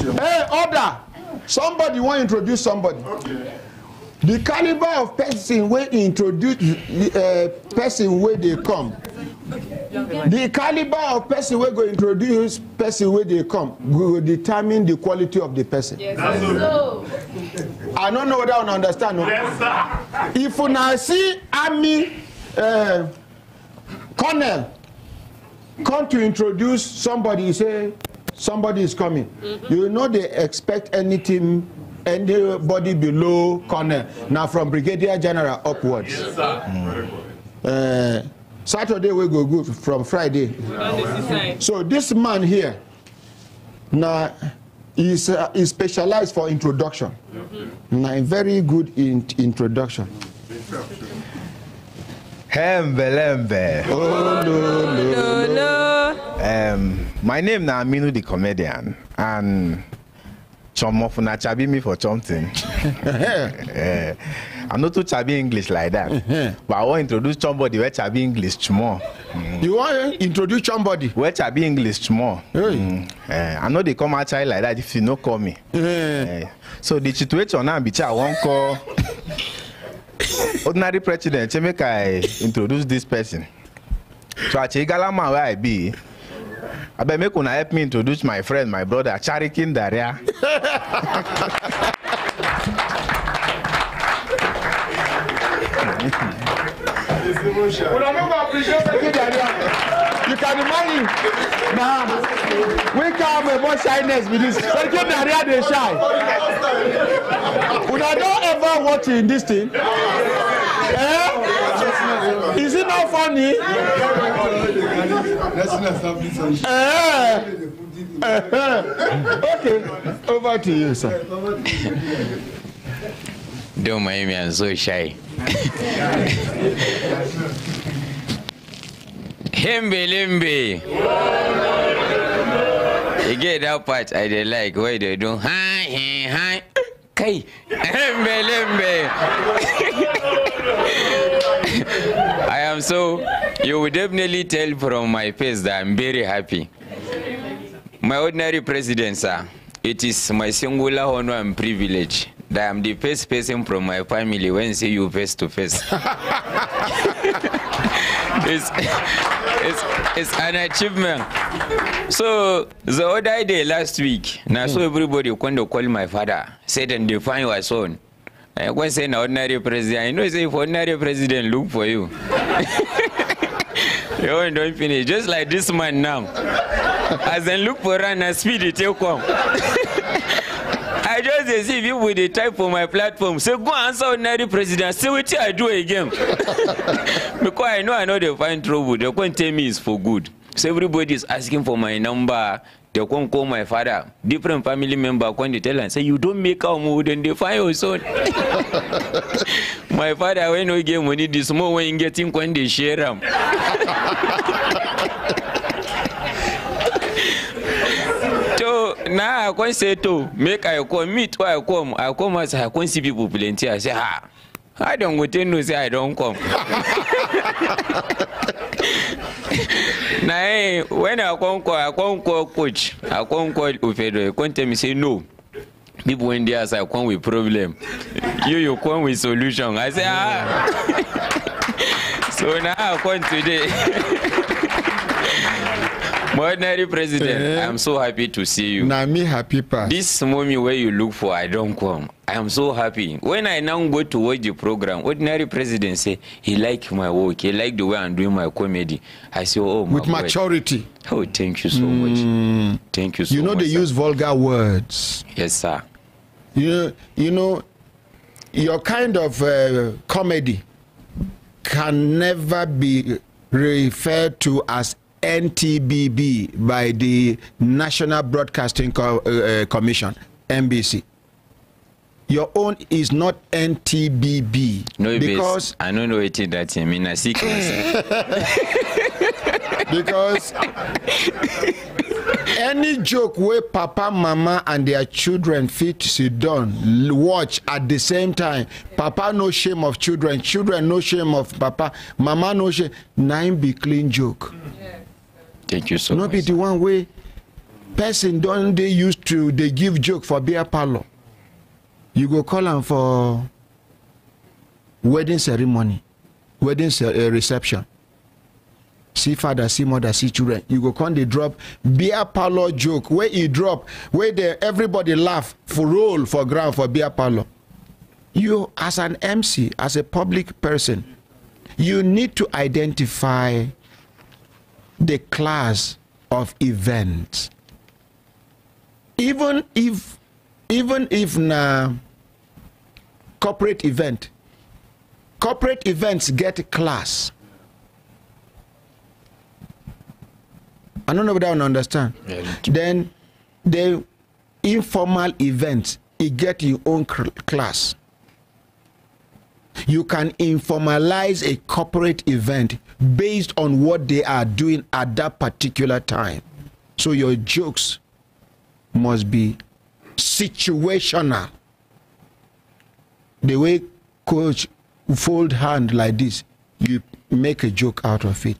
Hey, order. Somebody want introduce somebody. Okay. The caliber of person wey introduce the uh, person where they come. The caliber of person wey go introduce person where they come go determine the quality of the person. Yes, so. I don't know whether una understand o. No? Yes, If una see army uh, colonel come to introduce somebody say somebody is coming mm -hmm. you know they expect anything, anybody below corner. Now from brigadier general upwards yes, sir. Mm. Uh, saturday we go good from friday so this man here now, he is uh, he specialize for introduction mm -hmm. na very good in introduction. Mm -hmm. Kembelembe. Oh, no, no, no. Um, my name na Aminu the comedian and Chomofuna chabi me for something. uh, I'm not too chabi English like that. Uh-huh. but I want to introduce somebody where chabi English tomorrow. Mm. You want to introduce somebody? Where chabi English tomorrow. Hey. Mm. Uh, I know they come outside like that if you no call me. Uh-huh. uh, so the situation now be I won't call ordinary president say make i introduce this person so achigala man where i be abeg make una help me introduce my friend my brother charikin daria. una no go appreciate charikin daria can imagine na wake up about shyness be this sarki dariya dey shy una don ever watch in this thing eh is it not funny eh? Eh, eh. okay over to you sir. Don't uma me minha zoe, chai. Limbe, limbe You get that part i don't like wey they do hi hi hi kai himbe limbe i am so you will definitely tell from my face that i'm very happy my ordinary president sir it is my singular honor and privilege that i'm the first person from my family when see you face to face it's, it's, it's an achievement. So the other day last week, now so everybody when they call my father, said and define your son. I was saying ordinary president. You know, say if ordinary president look for you. you don't finish. Just like this man now. As they look for run and speed, it will come. they see with the type for my platform So go answer ordinary president say wetin i do again because i know i know they find trouble They come tell me it's for good so everybody is asking for my number they come call my father different family member come to tell and say you don't make our mood and they find your son my father when we get money this small wey him get him share them. na i come say to make i come meet where i come i come as i come see people plenty i say ah, i don go take know say i don come na eh when i come call i come call coach i come call ofedo he come tell me say no people wey dey outside come with problem you you come with solution i say ah so na i come today. ordinary president eh, i am so happy to see you na me happy pass this mommy wey you look for i don come i am so happy when i now go to watch the program ordinary president say he like my work he like the way i'm doing my comedy i say oh my with word. maturity oh thank you so mm. much hmm. thank you so much you know much, they sir. use vulgar words yes sir you, you know your kind of uh, comedy can never be referred to as NTBB by the National Broadcasting Co uh, uh Commission, NBC. Your own is not NTBB. No, because I don't know it that I mean a sickness. because any joke where papa mama and their children fit sit down watch at the same time papa no shame of children children no shame of papa mama no shame Nine be clean joke. Yeah thank you so no much. be the one way. person don dey used to dey give joke for beer parlour you go call am for wedding ceremony wedding uh, reception see father see mother see children you go come dey drop beer parlour joke wey e drop wey dey everybody laugh for roll for ground for beer parlour you as an mc as a public person you need to identify the class of events. Even if even if na corporate event, corporate events get class. I don't know whether I understand. Yeah. Then the informal events, it get your own class you can informalize a corporate event based on what they are doing at that particular time. So your jokes must be situational. The way coach fold hand like this, you make a joke out of it.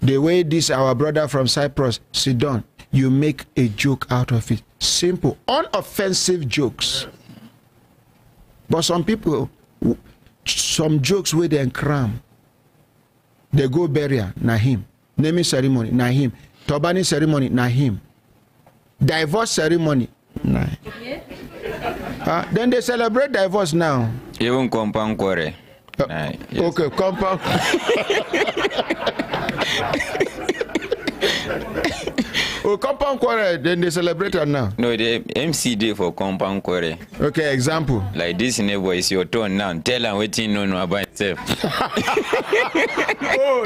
The way this our brother from Cyprus, sit down, you make a joke out of it. Simple, unoffensive jokes. Yes. but some people some jokes where they cram They go burial na him naming ceremony na him ceremony na divorce ceremony na yeah. uh, dem dey celebrate divorce now. even compound quarrel. Uh, nah, yes. okay compound. oh, compound quarrel, then they celebrate am now. No, the MC dey for compound quarrel. Okay, example. Like this neighbor is your turn now. Tell am wetin you no know about sef. oh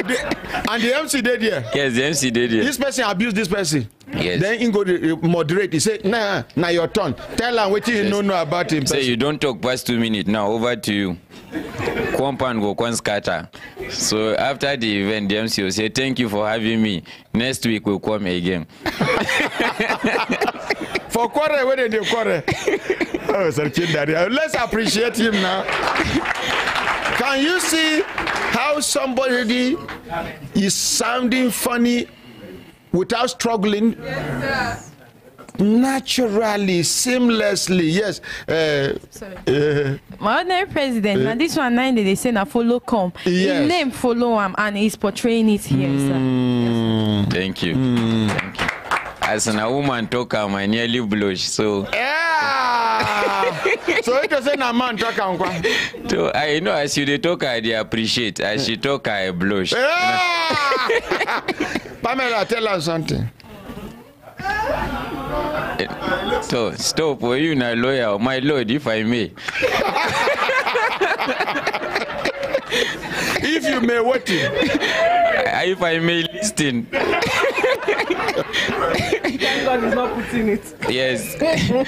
the, and the mc did yeah. yes the mc did there. this person abuse this person. yes then him go dey uh, moderate he said, Nah, now your turn tell him what you know about him. say you don't talk past two minutes now over to you compound go come scatter so after the event the mc will say thank you for having me next week we come again. for quarrel where did you quarrel. oh sir kindari let's appreciate him now. Can you see how somebody is sounding funny without struggling? Yes, Naturally, seamlessly, yes. Uh, Sorry. Uh, My ordinary president, uh, and this one nine they say now follow come. Yes. His name follow him, and he's portraying it here, mm, yes, Thank you. Mm. Thank you. As a woman talker, I nearly blush. So. Yeah. so you just say na man talk am kwa. to i know as you dey talk i dey appreciate as she talk i blush. pamela tell am something. so eh, stop wey you na lawyer my lord if i may. if you may what if i may lis ten. Thank God he's not putting it. Yes.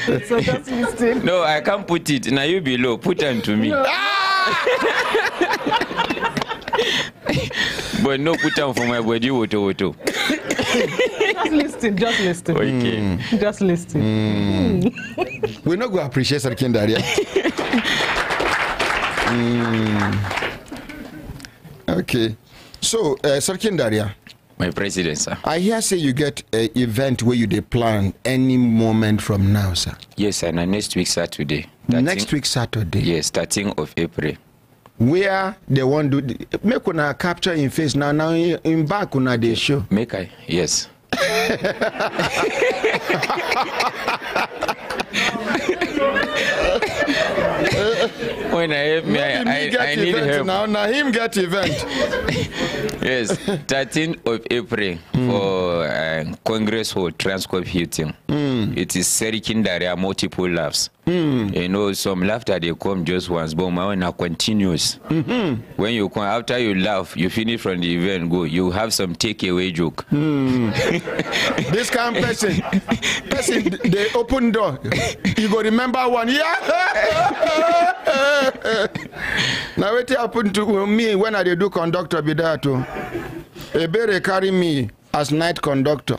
so that's his thing. No, I can't put it. Now you below. Put on to me. No. Ah! but no put on for my body woto woto. just listing, just listen. Okay. Mm. Just listen. Mm. Mm. We're not going to appreciate Sarkin Daria. mm. Okay. So, uh, eh, Sarkin Daria. My president, sir. I hear say you get an event where you de plan any moment from now, sir. Yes, sir. Now next week Saturday. 13, next week Saturday. Yes, starting of April. Where they want to the, make una capture in face now now in back una they show. Make I yes. when I have me, I, I, I need help. Now, now him get event. yes, 13th of April mm. for uh, Congress for Transcorp Heating. Mm. It is Serikin Multiple Labs. Mm. You know, some laughter they come just once, but my own are continuous. Mm-hmm. When you come after you laugh, you finish from the event, go. You have some takeaway joke. Mm. this kind of person, person they open door. You go remember one year. now what happened to me when I do conductor be that too. Oh? Ebere carry me as night conductor.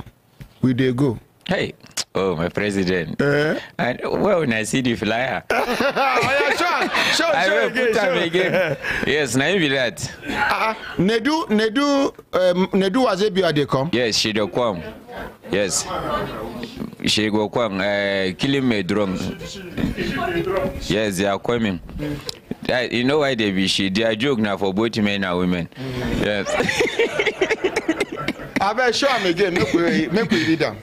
We they go. Hey. Oh, my president. Uh-huh. And well, I see the flyer. oh, yeah, sure. show, show, I show again, put show. again. yes, na be that. Uh, Nedu, Nedu, um, Nedu Wazebia dey come? Yes, she do come. Yes. She go come. Uh, killing me eh, drum. yes, they are coming. That, you know why they be she? They are joke now for both men and women. Mm. Yes. I abeg show them again make me, make we read am.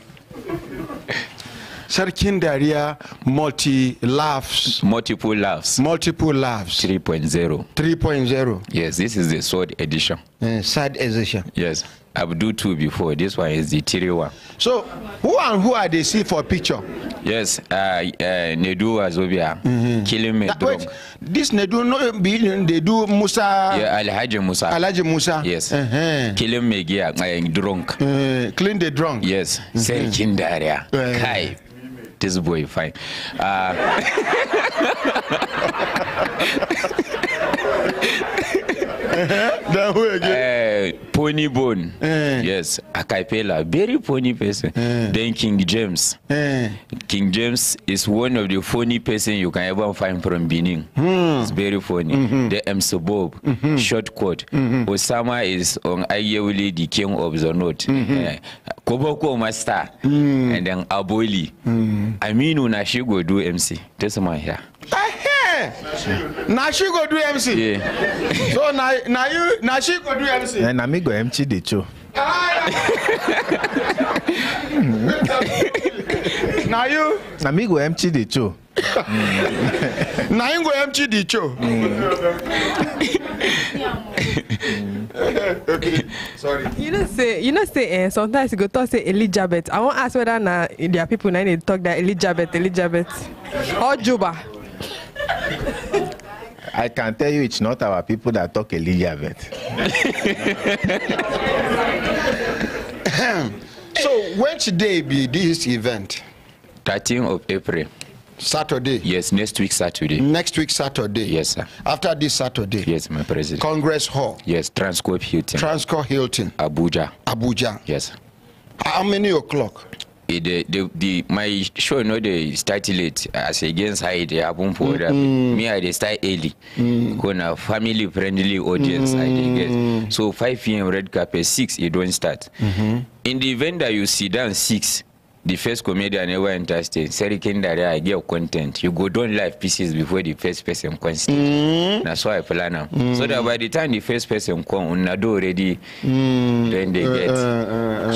sarkin dariya multi laughs multiple laughs multiple laughs 3.0 3.0 yes this is the third edition uh, third edition yes I've do two before. This one is the three one. So, who and who are they see for picture? Yes, uh, uh, Nedu Azobia, mm -hmm. killing me. That, wait, this Nedu, no, they do Musa. Yeah, Alhaji Musa. Alhaji Musa. Yes. Uh -huh. Killing me, yeah, uh, drunk. Uh, clean the drunk. Yes. Mm -hmm. Say Kindaria. Uh eh. -huh. Kai, this boy fine. Uh, Then who again? Uh, Pony Bone. Uh. Yes, Akaipela. Very funny person. Uh. Then King James. Uh. King James is one of the funny person you can ever find from Benin. Hmm. It's very funny. Mm -hmm. The M. Subob, mm -hmm. short quote. Mm -hmm. Osama is on Ayewuli, the king of the north. Mm -hmm. uh, Koboko Master. Mm. And then Aboli. Mm. Aminu Nashigo do MC. That's my hair. na she go do mc yeah. so na na you na she go do mc na me go mc dey cho na you na me go mc dey cho na you go mc dey cho okay. Sorry. You know say you know say uh, sometimes you go talk say Elizabeth. I won't ask whether na uh, there are people na they talk that Elizabeth, Elizabeth, or Juba. I can tell you it's not our people that talk Elizabeth. so which day be this event? 13th of April. Saturday. Yes, next week Saturday. Next week Saturday. Yes, sir. After this Saturday. Yes, my president. Congress Hall. Yes, Transcorp Hilton. Transcorp Hilton. Abuja. Abuja. Yes. How many o'clock? Eh, the the the my show no dey start late as against how e dey happen for other people mm-hmm. me i start early because mm-hmm. na family friendly audience i dey mm-hmm. so 5pm red carpet 6 e don start in the event that you sit down 6 the first comedian ever enter stage serikin dare i get content you go don live pieces before the first person come stage mm. na so i plan am mm. so that by the time the first person come una do already mm. then they uh, get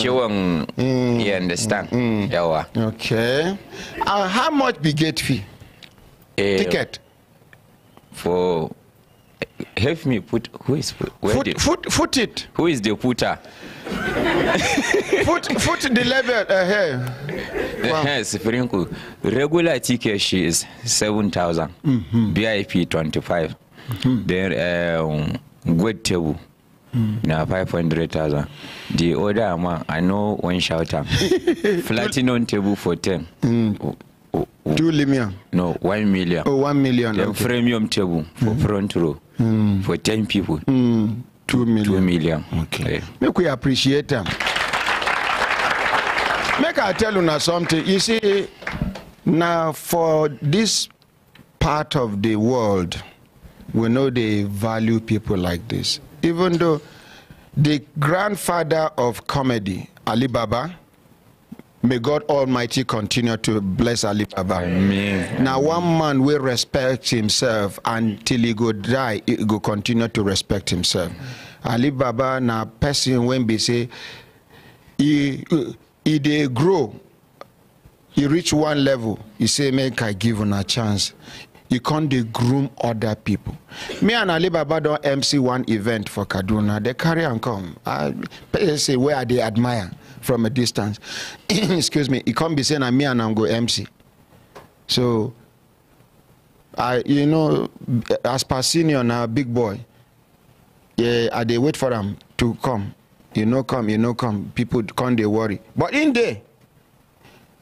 ciwon uh, uh, uh. Mm. understand mm. yawa okay uh, how much be gate fee uh, ticket for help me put who is where foot, foot foot it who is the putter foot foot the level uh, here wow. yes Frinko. regular ticket she is 7000 mm -hmm. bip 25 mm -hmm. then um, good table Mm. na 500,000 the other amount i know one shout Flattening on table for 10 mm. Two million. No, one million. Oh, one million. Then okay. premium table for mm. front row mm. for ten people. Mm. Two million. Two million. Okay. Yeah. Make we appreciate them. Make I tell you now something. You see, now for this part of the world, we know they value people like this. Even though the grandfather of comedy, Ali Baba, May God Almighty continue to bless Ali Baba. Amen. Now, one man will respect himself until he go die, he go continue to respect himself. Ali Baba na person when be say he he dey grow, he reach one level, he say make I give a chance. He can't dey groom other people. Me and Ali Baba don MC one event for Kaduna. They carry and come. I say where I dey admire from a distance excuse me e can't be saying I'm me and I'm go mc so i you know as per senior na big boy yeah, i they wait for am to come you know, come you know, come people come they worry but in there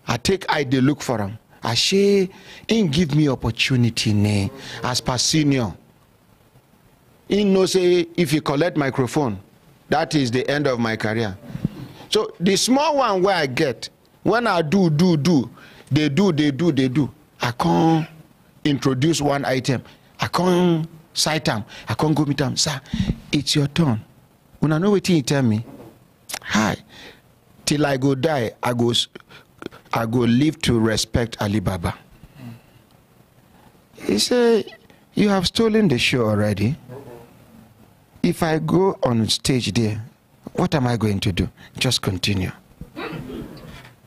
i take I they look for I ashe im give me opportunity ne as per senior in no say if you collect microphone that is the end of my career so the small one where i get when i do do do they do they do they do i can't introduce one item i can't cite them. i can't go meet them, sir it's your turn When I know what you tell me hi till i go die i go i go live to respect alibaba he say you have stolen the show already if i go on stage there What am I going to do? Just continue.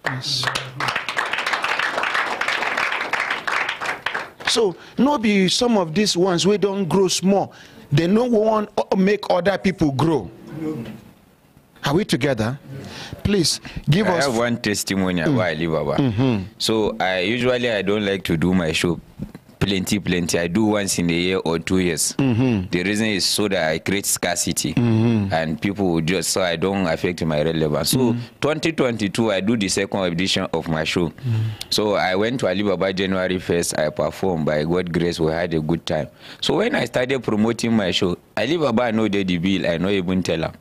Yes. So, no be some of these ones we don't grow small. They no want make other people grow. Are we together? Please give I us. I have one testimony mm. while I live. Mm -hmm. So I usually I don't like to do my show plenty plenty i do once in a year or two years mm -hmm. the reason is so that i create scarcity mm -hmm. and people just so i don't affect my relevance so mm -hmm. 2022 i do the second edition of my show mm-hmm. so i went to alibaba january 1st i performed by god grace we had a good time so when i started promoting my show alibaba know the bill i know even tell her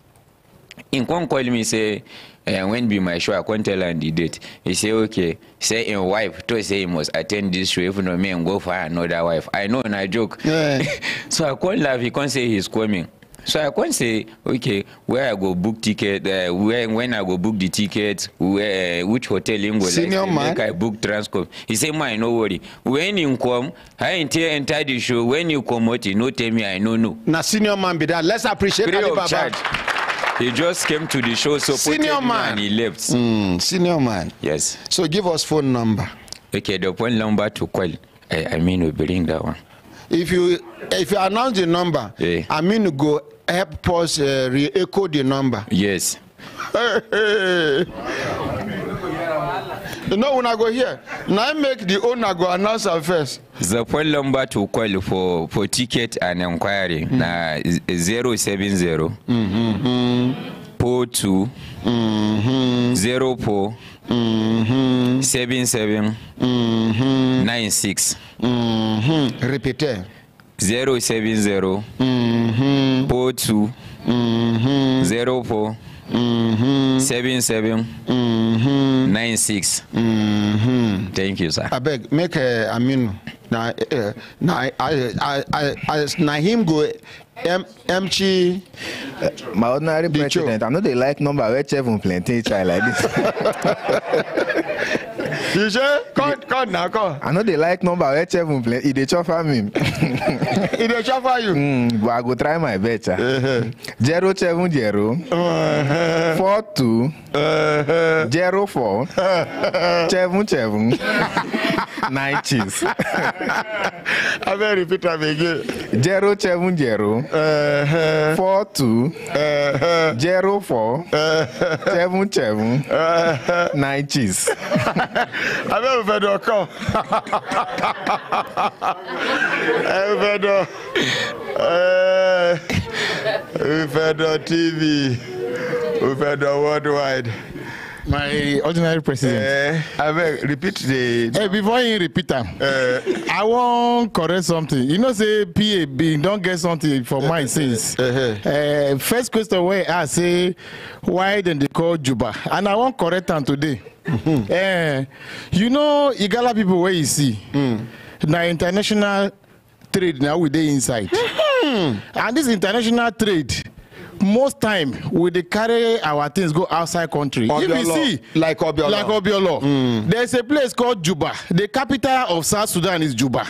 In come call me say uh, when be my show i come tell am the date he say okay say him wife to say he must attend this show if no me and go find another wife i know na joke yeah. so i come laugh he come say he's coming so i come say okay where i go book ticket uh, where when i go book the ticket where uh, which hotel him go Senior man. make i book transcorp he say man no worry when him come i enter enter the show when you comot he no tell me i no know. na senior man be that let's appreciate alibaba. free of charge. He just came to the show, so senior man. he left. Mm, senior man. Yes. So give us phone number. Okay, the phone number to call. I, I mean, we bring that one. If you if you announce the number, yeah. I mean, go help us uh, re-echo the number. Yes. You know when I go here. Now I make the owner go announce her first. The phone number to call for, for ticket and inquiry mm. na 070 42 04 77 96. 070 42 04 Mm-hmm. seven seven mm-hmm. nine six. Mm-hmm. thank you sir. abeg make uh, aminu na uh, na I, I, I, I, na him go em, emchi. Uh, my ordinary president i no dey like number wey seven plenty try like this. you sure? Cut, cut now, cut. I know they like number HF play. It they chauffeur me. It they chauffeur you. Mm, but I go try my best. Ah. Uh-huh. Zero seven zero. Uh-huh. Four two. Uh-huh. Zero four. Seven seven. Nine cheese. I will repeat them again. Zero seven zero. Four two. Zero four. Seven seven. Nine cheese. I've abẹ́fẹ̀dọ̀ kan ẹ̀fẹ̀dọ̀ ẹ̀fẹ̀dọ̀ tv ẹ̀fẹ̀dọ̀ worldwide. my ordinary president. Uh, abeg repeat the. Hey, before you repeat am. Uh, i wan correct something you know say pa bin don get something for eh, mind since. Uh -huh. uh, first question wey i ask say why dem dey call juba and i wan correct am today. Mm -hmm. uh, you know igala people wey you see. Mm. na international trade na we dey inside. Mm-hmm. and this international trade most time we dey carry our things go outside country obiolo. if you see like obiolo like obiolo mm. there is a place called juba the capital of south sudan is juba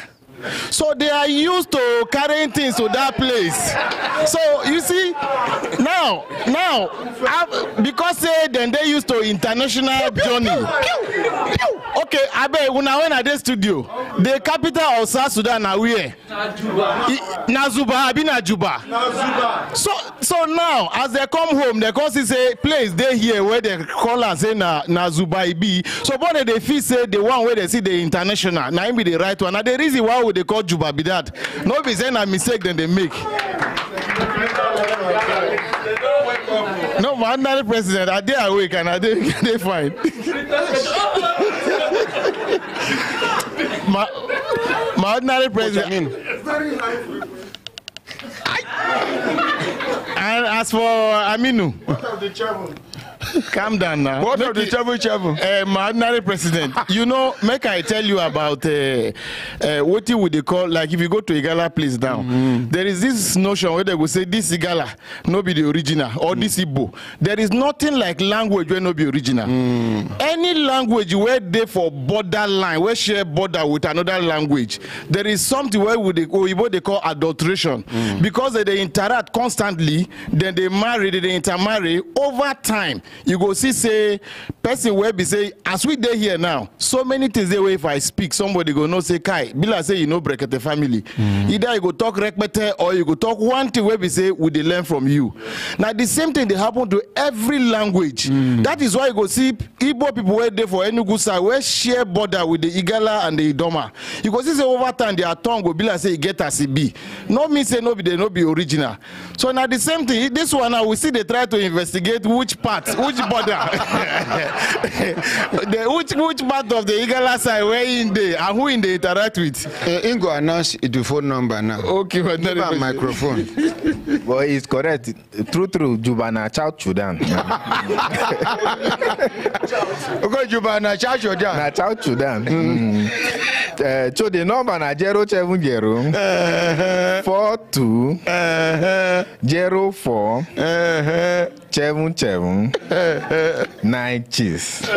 so they are used to carrying things to that place so you see now now because say dem dey used to international journey okay abeg una wen i dey studio the capital of south sudan na where na juba abi na juba so so now as they come home dem come see say place dey here where they call am say na na zubaibi somebody dey feel say the one wey dem see dey international na him be the right one na the reason why we dey call juba be that no be say na mistake dem dey make. no my ordinary president i dey awake and i dey dey fine. my my ordinary president. I mean? And as for Aminu. What of the chairman? calm down now. what of the travel travel. Uh, my ordinary president you know make i tell you about uh, uh, wetin we dey call like if you go to igala place now mm -hmm. there is this notion where they go say this igala no be the original or mm. this igbo there is nothing like language where no be original mm. any language where they for border line wey share border with another language there is something where we dey oyibo dey call adulteration mm. because they dey interact constantly then they marry they intermarry over time you go see say person wey be say as we dey here now so many things dey wey if i speak somebody go know say kai be like say you no know the family mm. either you go talk rekpete or you go talk one thing wey be say we dey learn from you na the same thing dey happen to every language mm. that is why you go see igbo people wey dey for enugu side wey share border with the igala and the idoma you go see say over time their tongue go be like say e get as e be no mean say no be they no be original so na the same thing this one now we still dey try to investigate which part which which border the which which part of the igala side where in The and who in dey interact with. Uh, eh, im go announce the phone number now. okay but give am microphone. but it's correct true true Jubana, na chow chudan. okay Jubana, na chow sudan. na chow chudan. Mm. mm. tso eh, di nɔmba na zero seven zero eh, eh, four two zero four seven seven nine six.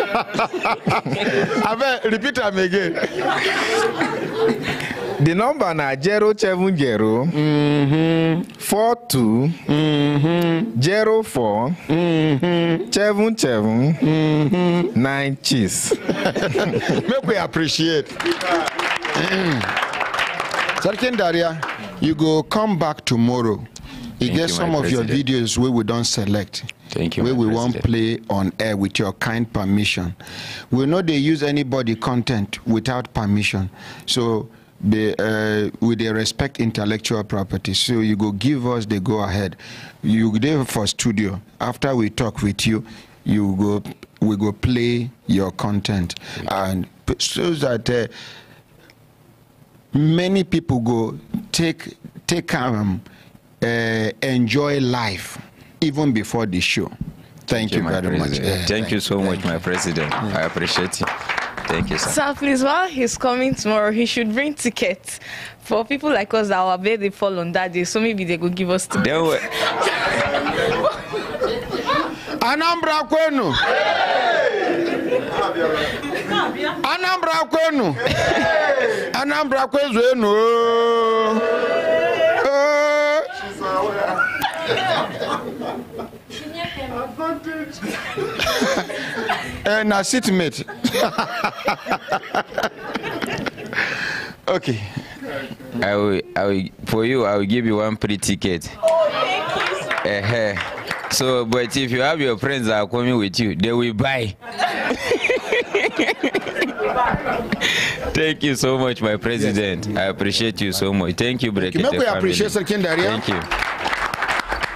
abeg repeat am again. The number na zero seven zero. Mm-hmm. four two. Mm-hmm. zero four. Mm-hmm. seven seven. nine cheese. Make we appreciate. Sarkin Daria, you go come back tomorrow. You get you, some of your videos where we don't select. Thank Where we won't play on air with your kind permission. We know they use anybody content without permission. So uh, with they respect intellectual property. So you go give us the go ahead. You there for studio. After we talk with you, you go we go play your content and so that uh, many people go take take um, uh, enjoy life even before the show. Thank, Thank you, you very president. much. Yeah. Thank, Thank you so much, you. my president. Yeah. I appreciate it. Thank you, sir. Sir, please, while he's coming tomorrow, he should bring tickets for people like us that our birthday fall on that day, so maybe they could give us tickets. They will. Anambra kwenu. Anambra kwenu. Anambra kwezu Eh, na seatmate. okay. I will, I will, for you, I will give you one free ticket. Oh, thank you. So uh -huh. So, but if you have your friends that are coming with you, they will buy. Thank you so much, my president. Yes. I appreciate you so much. Thank you, Brekete. Thank you. Thank you.